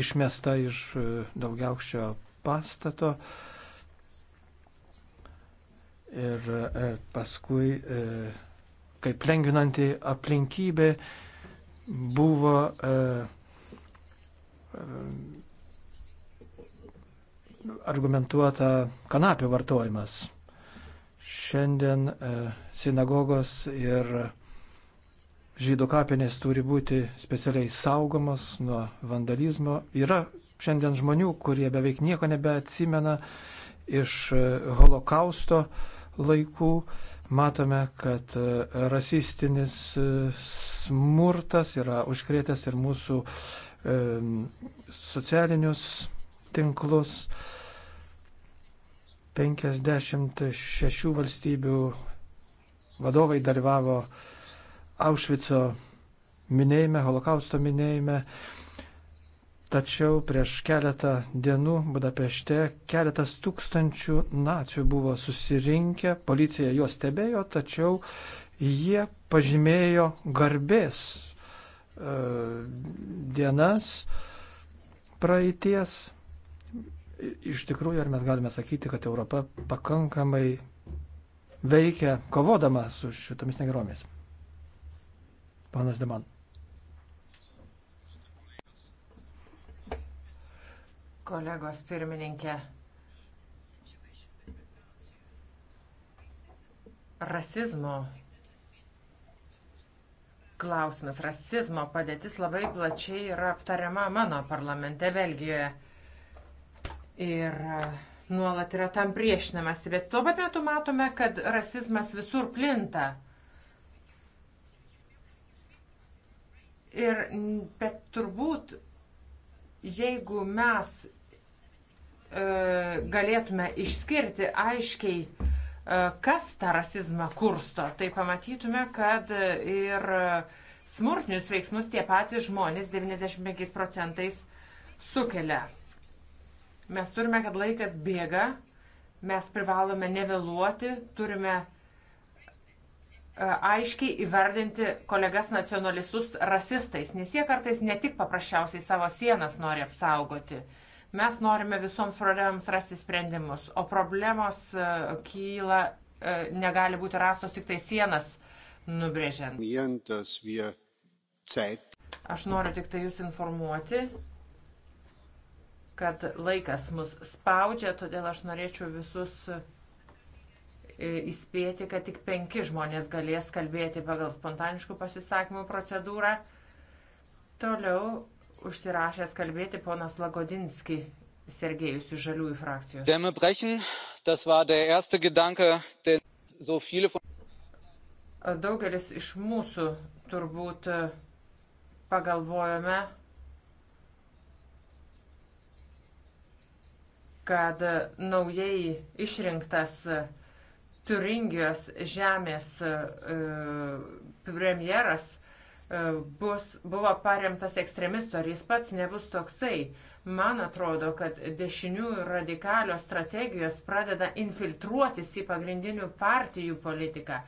išmesta iš e, daugiaukščio pastato. Ir e, paskui, kaip lengvinanti aplinkybė, buvo argumentuota kanapių vartojimas. Šiandien sinagogos ir žydų kapinės turi būti specialiai saugomos nuo vandalizmo. Yra šiandien žmonių, kurie beveik nieko nebeatsimena iš e, holokausto laikų. Matome, kad e, rasistinis e, smurtas yra užkrėtęs ir mūsų e, socialinius tinklus. 56 valstybių vadovai dalyvavo e, Aušvico minėjime, holokausto minėjime. Tačiau prieš keletą dienų Budapešte keletas tūkstančių nacijų buvo susirinkę, policija juos stebėjo, tačiau jie pažymėjo garbės e, dienas praeities. Iš tikrųjų, ar mes galime sakyti, kad Europa pakankamai veikia kovodama su šitomis negeromis? Panas Deman. Kolegos pirmininkė. Rasizmo klausimas, rasizmo padėtis labai plačiai yra aptariama mano parlamente Belgijoje. Ir e, nuolat yra tam priešinamasi, bet tuo pat metu matome, kad rasizmas visur plinta. Ir, bet turbūt, jeigu mes e, galėtume išskirti aiškiai, e, kas tą rasizmą kursto, tai pamatytume, kad ir smurtinius veiksmus tie patys žmonės 95 procentais sukelia. Mes turime, kad laikas bėga, mes privalome nevėluoti, turime E, aiškiai įvardinti kolegas nacionalistus rasistais, nes jie kartais ne tik paprasčiausiai savo sienas nori apsaugoti. Mes norime visoms problemams rasti sprendimus, o problemos e, kyla, e, negali būti rastos tik tai sienas nubrėžiant. Aš noriu tik tai jūs informuoti, kad laikas mus spaudžia, todėl aš norėčiau visus E, įspėti, kad tik penki žmonės galės kalbėti pagal spontaniškų pasisakymų procedūrą. Toliau užsirašęs kalbėti ponas Lagodinski, Sergejus iš Žaliųjų frakcijos. Dėme brechen, tas var der erste gedanke, den so viele von... Daugelis iš mūsų turbūt e, pagalvojome, kad naujai išrinktas uh, Turingijos žemės e, premjeras e, bus, buvo paremtas ekstremisto ir jis pats nebus toksai. Man atrodo, kad dešinių radikalios strategijos pradeda infiltruotis į pagrindinių partijų politiką.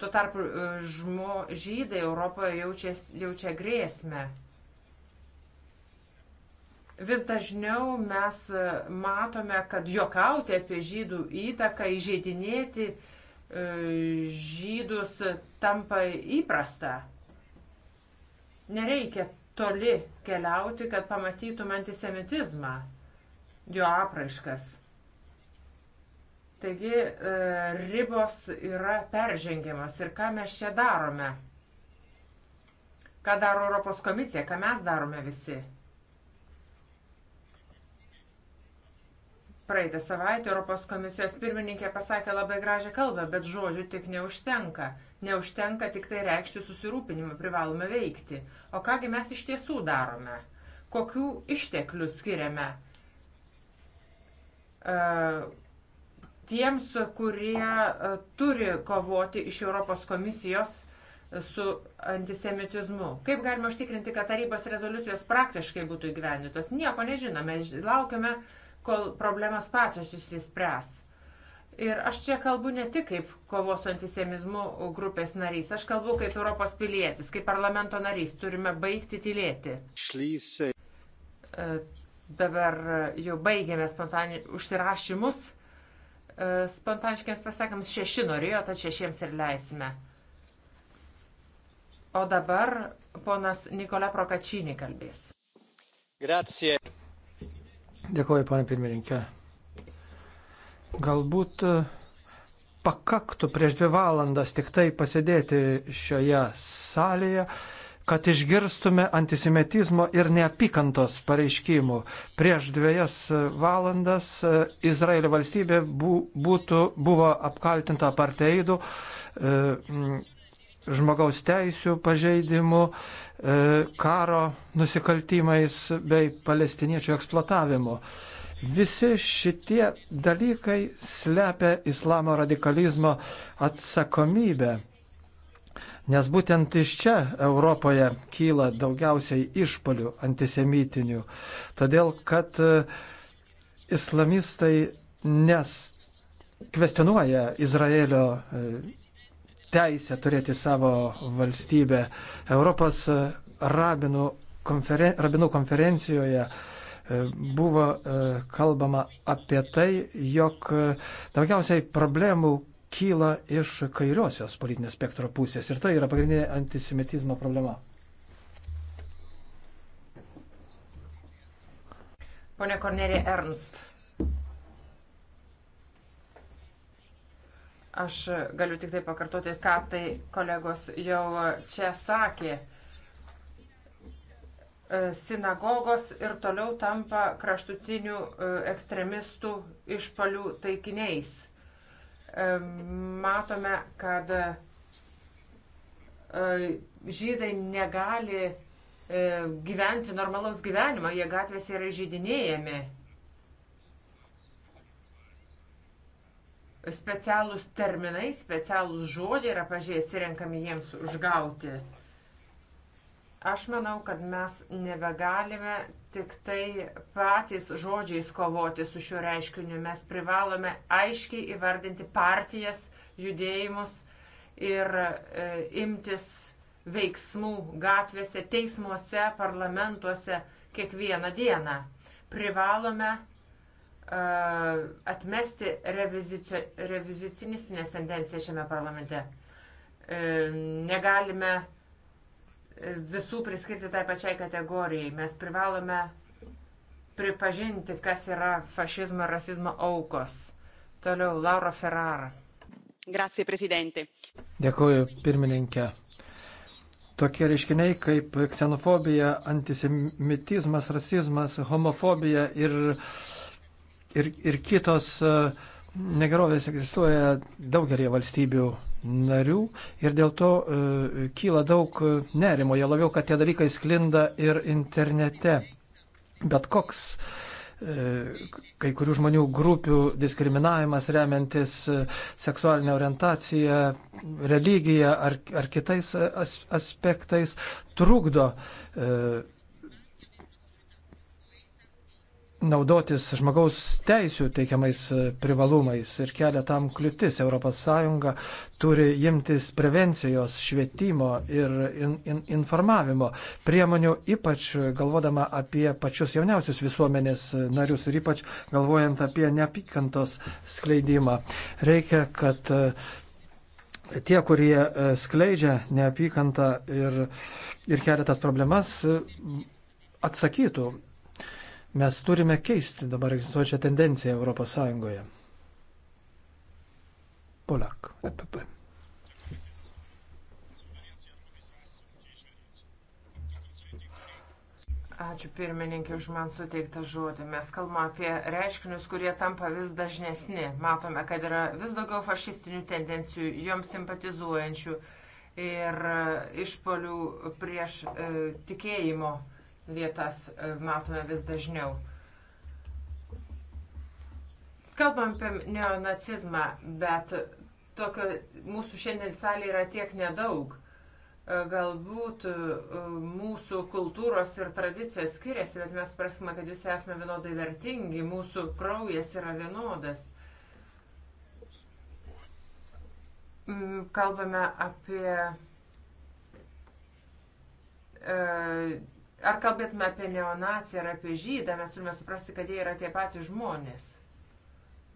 Tuo tarpu e, žmo, žydai Europoje jaučia, jaučia grėsmę. Vis dažniau mes e, matome, kad jokauti apie žydų įtaką, įžeidinėti e, žydus tampa įprasta. Nereikia toli keliauti, kad pamatytum antisemitizmą, jo apraiškas. Taigi e, ribos yra peržengiamas ir ką mes čia darome? Ką daro Europos komisija, ką mes darome visi? praeitą savaitę Europos komisijos pirmininkė pasakė labai gražią kalbą, bet žodžių tik neužtenka. Neužtenka tik tai reikšti susirūpinimą, privalome veikti. O kągi mes iš tiesų darome? Kokių išteklių skiriame uh, tiems, kurie uh, turi kovoti iš Europos komisijos e, su antisemitizmu. Kaip galime užtikrinti, kad tarybos rezoliucijos praktiškai būtų įgyvendintos? Nieko nežinome, laukiame uh, kol problemos pačios išsispręs. Ir aš čia kalbu ne tik kaip kovos su antisemizmu grupės narys, aš kalbu kaip Europos pilietis, kaip parlamento narys, turime baigti tylėti. Šlysai. E, dabar jau baigėme spontani... užsirašymus. E, Spontaniškiams pasakams šeši norėjo, tad šešiems ir leisime. O dabar ponas Nikola Prokačinį kalbės. Grazie. Dėkuoju, pane pirmininkė. Galbūt e, pakaktų prieš dvi valandas tik tai pasėdėti šioje salėje, kad išgirstume antisemitizmo ir neapykantos pareiškimų. Prieš dviejas valandas e, Izraelio valstybė būtų, buvo apkaltinta parteidų, e, žmogaus teisų pažeidimų, E, karo nusikaltimais bei palestiniečių eksploatavimu. Visi šitie dalykai slepia islamo radikalizmo atsakomybę. Nes būtent iš čia Europoje kyla daugiausiai išpolių antisemitinių. Todėl, kad e, islamistai nes kvestionuoja Izraelio e, teisę turėti savo valstybę. Europos rabinų, konferen, rabinų konferencijoje e, buvo e, kalbama apie tai, jog e, daugiausiai problemų kyla iš kairiosios politinės spektro pusės ir tai yra pagrindinė antisemitizmo problema. Pone Kornelija Ernst. Aš galiu tik tai pakartoti, ką tai kolegos jau čia sakė. E, sinagogos ir toliau tampa kraštutinių e, ekstremistų išpalių taikiniais. E, matome, kad žydai negali gyventi normalaus gyvenimo, jie gatvėse yra žydinėjami specialūs terminai, specialūs žodžiai yra pažiūrėsirenkami jiems užgauti. Aš manau, kad mes nebegalime tik tai patys žodžiais kovoti su šiuo reiškiniu. Mes privalome aiškiai įvardinti partijas, judėjimus ir e, imtis veiksmų gatvėse, teismuose, parlamentuose kiekvieną dieną. Privalome atmesti revizicinės tendencijas šiame parlamente. E, negalime e, visų priskirti tai pačiai kategorijai. Mes privalome pripažinti, kas yra fašizmo ir rasizmo aukos. Toliau Laura Ferrara. Grazie, prezidentė. Dėkuoju, pirmininkė. Tokie reiškiniai kaip ksenofobija, antisemitizmas, rasizmas, homofobija ir uh, ir, ir kitos e, negerovės egzistuoja daugelį valstybių narių ir dėl to e, kyla daug e, nerimo, jo labiau, kad tie dalykai sklinda ir internete. Bet koks e, kai kurių žmonių grupių diskriminavimas remiantis e, seksualinę orientaciją, religiją ar, ar kitais as, aspektais trukdo e, naudotis žmogaus teisų teikiamais e, privalumais ir kelia tam kliūtis. ES turi imtis prevencijos, švietimo ir in, in, informavimo priemonių, ypač galvodama apie pačius jauniausius visuomenės e, narius ir ypač galvojant apie neapykantos skleidimą. Reikia, kad e, tie, kurie skleidžia neapykantą ir, ir kelia tas problemas, atsakytų Mes turime keisti dabar egzistuojančią tendenciją Europos Sąjungoje. Polak, EPP. Ačiū pirmininkė už man suteiktą žodį. Mes kalbame apie reiškinius, kurie tampa vis dažnesni. Matome, kad yra vis daugiau fašistinių tendencijų, joms simpatizuojančių ir išpolių prieš e, tikėjimo vietas e, matome vis dažniau. Kalbam apie neonacizmą, bet tokio mūsų šiandien salėje yra tiek nedaug. E, galbūt e, mūsų kultūros ir tradicijos skiriasi, bet mes prasme, kad visi esame vienodai vertingi, mūsų kraujas yra vienodas. Mm, kalbame apie Ar kalbėtume apie neonaciją ar apie žydą, mes turime suprasti, kad jie yra tie patys žmonės.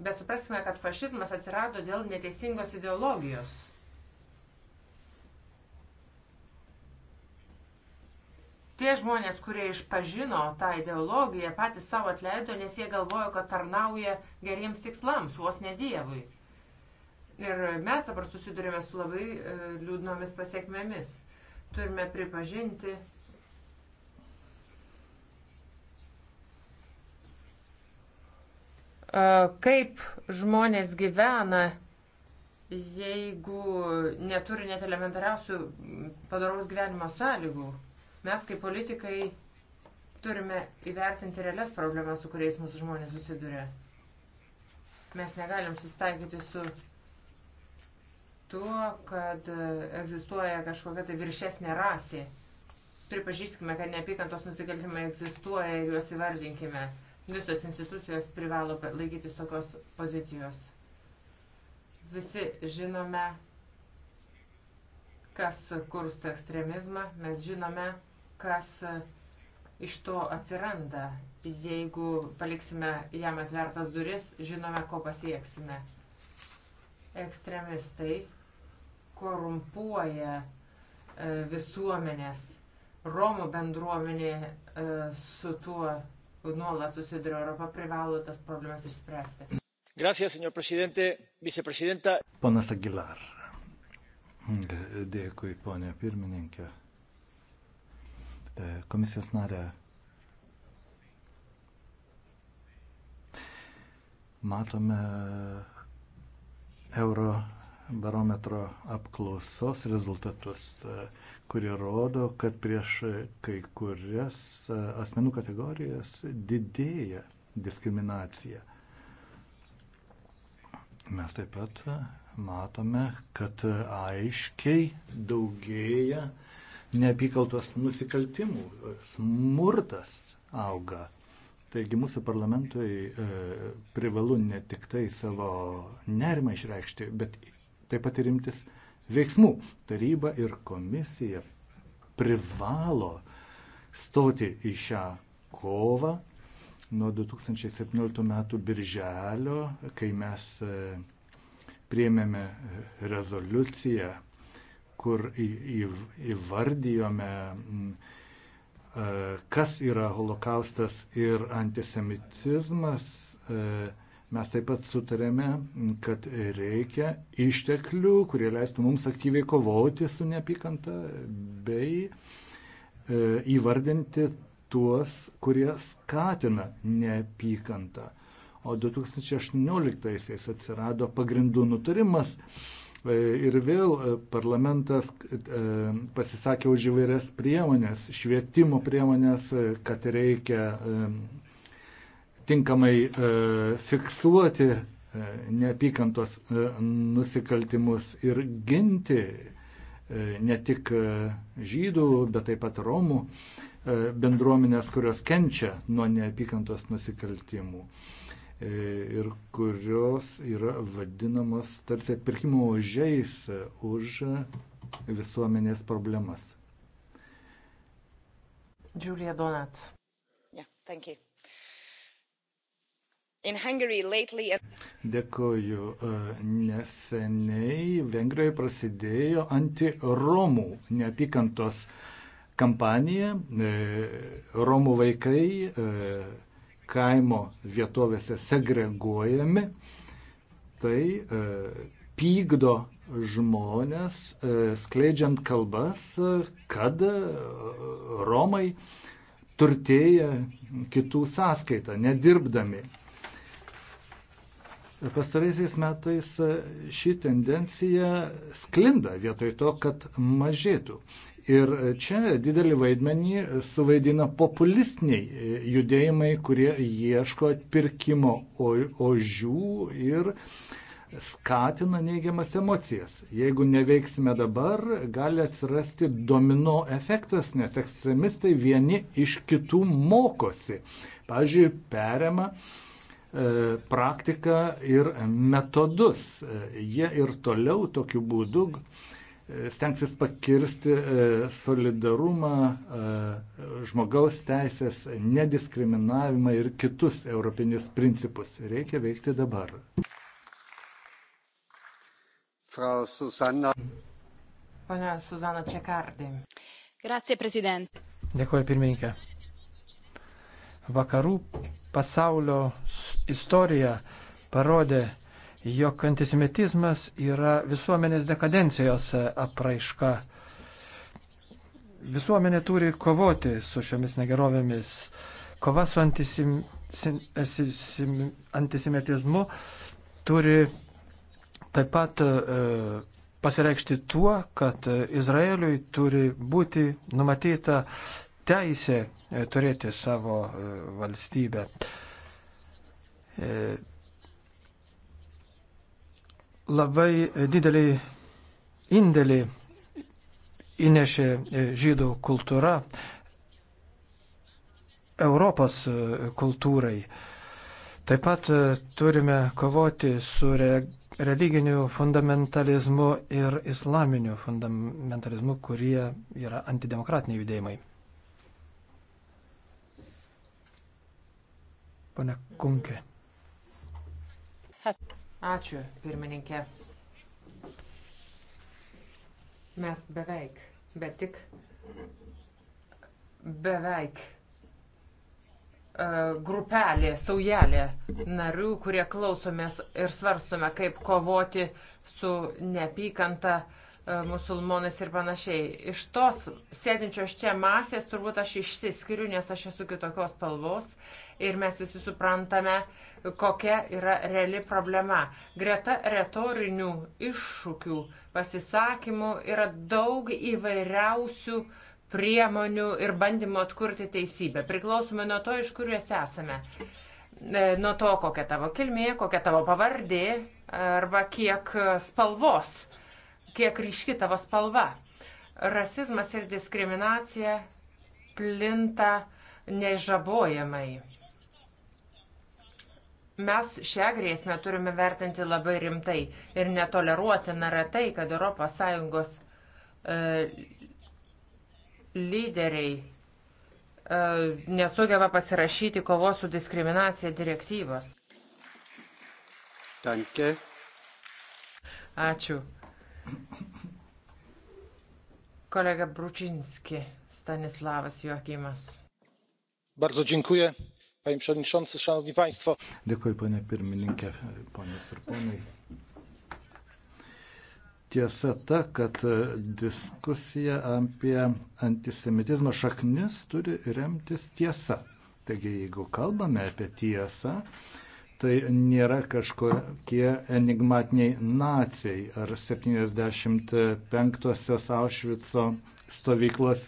Bet supraskime, kad fašizmas atsirado dėl neteisingos ideologijos. Tie žmonės, kurie išpažino tą ideologiją, patys savo atleido, nes jie galvojo, kad tarnauja geriems tikslams, vos ne Dievui. Ir mes dabar susidurime su labai e, liūdnomis pasiekmėmis. Turime pripažinti kaip žmonės gyvena, jeigu neturi net elementariausių padaraus gyvenimo sąlygų. Mes kaip politikai turime įvertinti realias problemas, su kuriais mūsų žmonės susiduria. Mes negalim sustaikyti su tuo, kad egzistuoja kažkokia tai viršesnė rasė. Pripažįskime, kad neapykantos nusikaltimai egzistuoja ir juos įvardinkime. Visos institucijos privalo laikytis tokios pozicijos. Visi žinome, kas kursto ekstremizmą, mes žinome, kas iš to atsiranda. Jeigu paliksime jam atvertas duris, žinome, ko pasieksime. Ekstremistai korumpuoja e, visuomenės. Romų bendruomenė e, su tuo nuolat susiduria Europa, privalo tas problemas išspręsti. Gracias, señor presidente, viceprezidenta. Ponas Aguilar. Dėkui, ponė pirmininkė. E, komisijos narė. Matome euro barometro apklausos rezultatus, e, kurie rodo, kad prieš kai kurias e, asmenų kategorijas didėja diskriminacija. Mes taip pat matome, kad aiškiai daugėja neapykaltos nusikaltimų, smurtas auga. Taigi mūsų parlamentui e, privalu ne tik tai savo nerimą išreikšti, bet taip pat ir imtis veiksmų. Taryba ir komisija privalo stoti į šią kovą nuo 2017 metų birželio, kai mes e, priėmėme rezoliuciją, kur įvardyjome, kas yra holokaustas ir antisemitizmas. E, Mes taip pat sutarėme, kad reikia išteklių, kurie leistų mums aktyviai kovoti su neapykanta bei e, įvardinti tuos, kurie skatina neapykantą. O 2018-aisiais atsirado pagrindų nutarimas e, ir vėl e, parlamentas e, pasisakė už įvairias priemonės, švietimo priemonės, kad reikia tinkamai e, fiksuoti e, neapykantos e, nusikaltimus ir ginti ne tik žydų, bet taip pat romų bendruomenės, kurios kenčia nuo neapykantos nusikaltimų ir kurios yra vadinamos tarsi atpirkimo ožiais už visuomenės problemas. Julia Donat. Yeah, thank you. Dėkoju. E, neseniai Vengrijoje prasidėjo anti-romų neapykantos kampanija. E, Romų vaikai e, kaimo vietovėse segreguojami. Tai pykdo žmonės, skleidžiant kalbas, kad Romai turtėja kitų sąskaitą, nedirbdami. Pastaraisiais metais e, ši tendencija sklinda vietoj to, kad mažėtų. Ir e, čia didelį vaidmenį suvaidina populistiniai e, judėjimai, kurie ieško atpirkimo ožių ir skatina neigiamas emocijas. Jeigu neveiksime dabar, gali atsirasti domino efektas, nes ekstremistai vieni iš kitų mokosi. Pavyzdžiui, perima uh, E, praktiką ir metodus. E, jie ir toliau tokiu būdu e, stengsis pakirsti solidarumą, žmogaus teisės, nediskriminavimą ir kitus europinius principus. Reikia veikti dabar. Frau Susanna. Pane Suzana Čekardė. Grazie, prezident. Dėkuoju, pirmininkė. Vakarų pasaulio istorija parodė, jog antisemitizmas yra visuomenės dekadencijos apraiška. Visuomenė turi kovoti su šiomis negerovėmis. Kova su antisim, sin, sim, antisemitizmu turi taip pat e, pasireikšti tuo, kad Izraeliui turi būti numatyta teisė e, turėti savo e, valstybę. E, labai didelį indėlį įnešė žydų kultūra Europos kultūrai. Taip pat turime kovoti su religiniu fundamentalizmu ir islaminiu fundamentalizmu, kurie yra antidemokratiniai judėjimai. Pane Kunkė. Ačiū, pirmininkė. Mes beveik, bet tik beveik e, grupelė, saujelė narių, kurie klausomės ir svarstome, kaip kovoti su neapykanta uh, E, musulmonais ir panašiai. Iš tos sėdinčios čia masės turbūt aš išsiskiriu, nes aš esu kitokios spalvos ir mes visi suprantame, kokia yra reali problema. Greta retorinių iššūkių pasisakymų yra daug įvairiausių priemonių ir bandymų atkurti teisybę, priklausomai nuo to, iš kur jas esame. E, nuo to, kokia tavo kilmė, kokia tavo pavardė arba kiek spalvos kiek ryški tavo spalva. Rasizmas ir diskriminacija plinta nežabojamai. Mes šią grėsmę turime vertinti labai rimtai ir netoleruotina yra tai, kad ES e, lyderiai e, nesugeba pasirašyti kovos su diskriminacija direktyvos. Danke. Ačiū. Kolega Bruczyński, Stanisławas Joakimas. Bardzo dziękuję, panie przewodniczący, szanowni państwo. Dėkui, panie pirmininkė, ponios ir ponai. Tiesa ta, kad diskusija apie antisemitizmo šaknis turi remtis tiesa. Taigi, jeigu kalbame apie tiesą, tai nėra kažkokie enigmatiniai nacijai ar 75-osios Aušvico stovyklos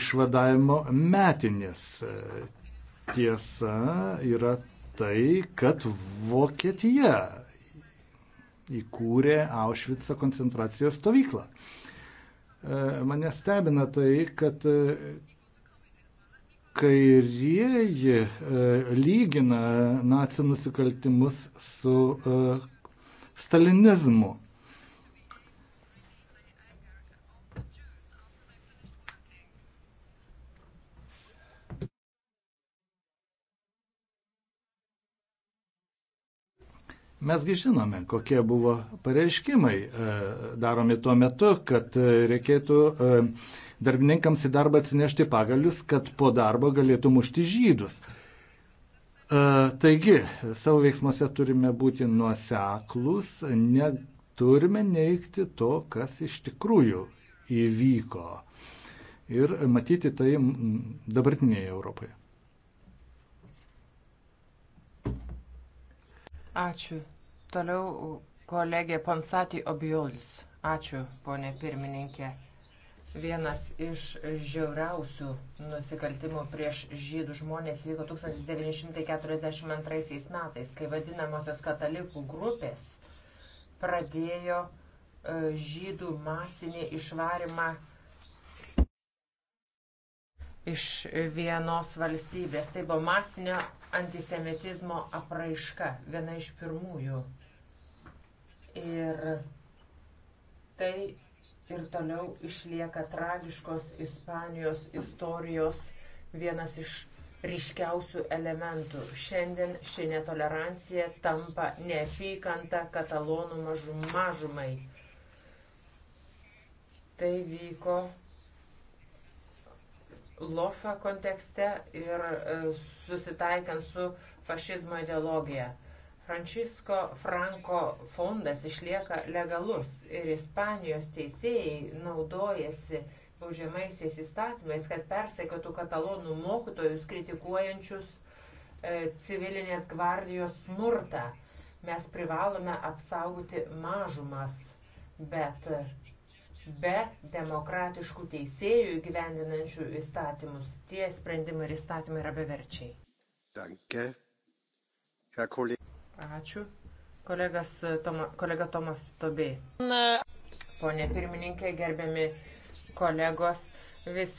išvadavimo metinės. Tiesa yra tai, kad Vokietija įkūrė Aušvico koncentracijos stovyklą. E, mane stebina tai, kad kairieji e, lygina nacių nusikaltimus su e, stalinizmu. Mesgi žinome, kokie buvo pareiškimai e, daromi tuo metu, kad reikėtų darbininkams į darbą atsinešti pagalius, kad po darbo galėtų mušti žydus. E, taigi, savo veiksmuose turime būti nuoseklus, neturime neikti to, kas iš tikrųjų įvyko. Ir matyti tai dabartinėje Europoje. Ačiū. Toliau kolegė Ponsatį Obiolis. Ačiū, ponė pirmininkė. Vienas iš žiauriausių nusikaltimų prieš žydų žmonės vyko 1942 metais, kai vadinamosios katalikų grupės pradėjo e, žydų masinį išvarimą iš vienos valstybės. Tai buvo masinio antisemitizmo apraiška, viena iš pirmųjų. Ir tai ir toliau išlieka tragiškos Ispanijos istorijos vienas iš ryškiausių elementų. Šiandien ši netolerancija tampa neapykanta katalonų mažum, mažumai. Tai vyko Lofa kontekste ir e, susitaikant su fašizmo ideologija. Francisco Franco fondas išlieka legalus ir Ispanijos teisėjai naudojasi baudžiamaisiais įstatymais, kad persekiotų katalonų mokytojus kritikuojančius e, civilinės gvardijos smurtą. Mes privalome apsaugoti mažumas, bet be demokratiškų teisėjų įgyvendinančių įstatymus tie sprendimai ir įstatymai yra beverčiai. Danke. Herr Kollege. Ačiū. Kolegas, Toma, kolega Tomas Tobė. Pone pirmininkė, gerbiami kolegos, visi